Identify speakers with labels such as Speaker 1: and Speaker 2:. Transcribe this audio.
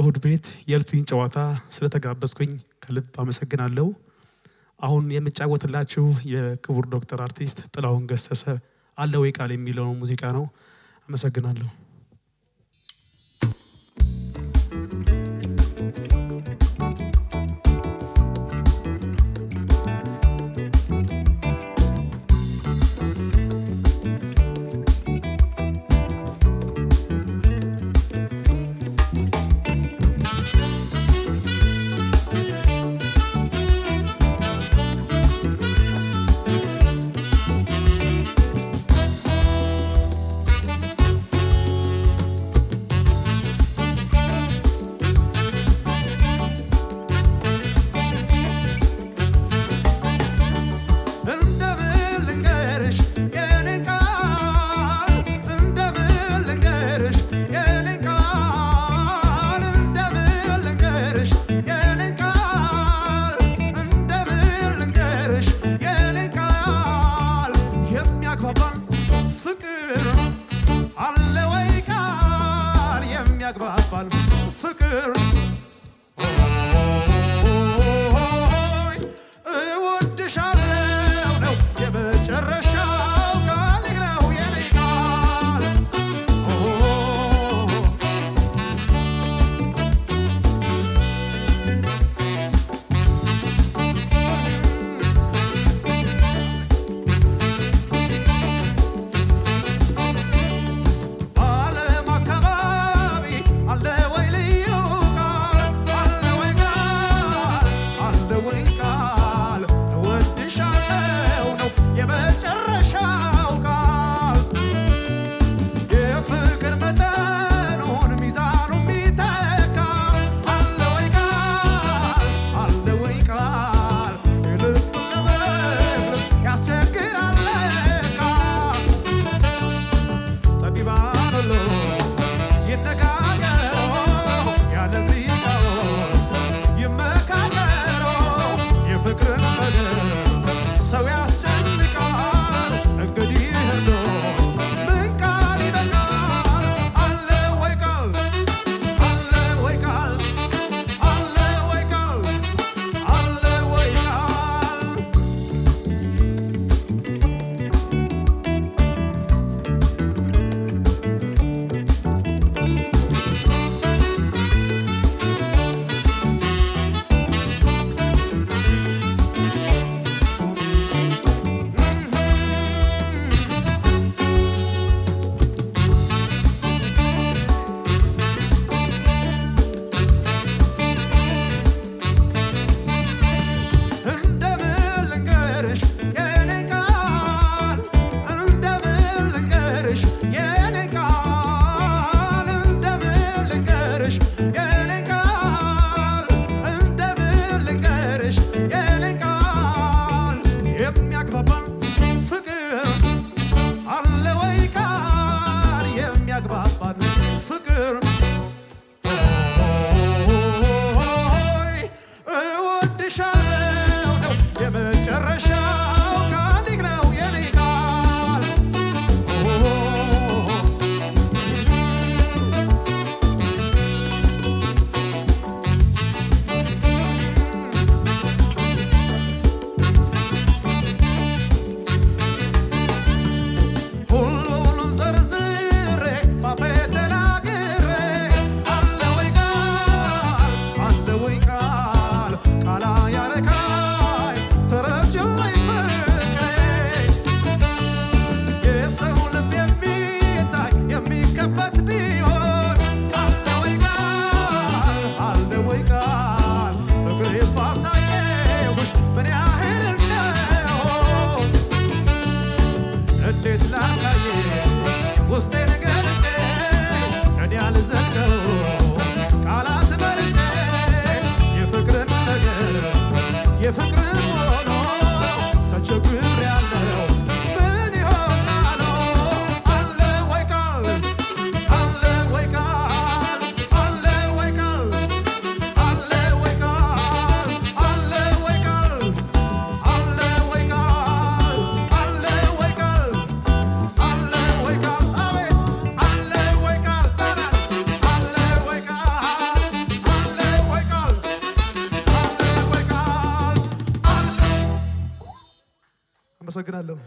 Speaker 1: እሁድ ቤት የልቱኝ ጨዋታ ስለተጋበዝኩኝ ከልብ አመሰግናለሁ። አሁን የምጫወትላችሁ የክቡር ዶክተር አርቲስት ጥላሁን ገሰሰ አለ ወይ ቃል የሚለውን ሙዚቃ ነው። አመሰግናለሁ።
Speaker 2: አመሰግናለሁ።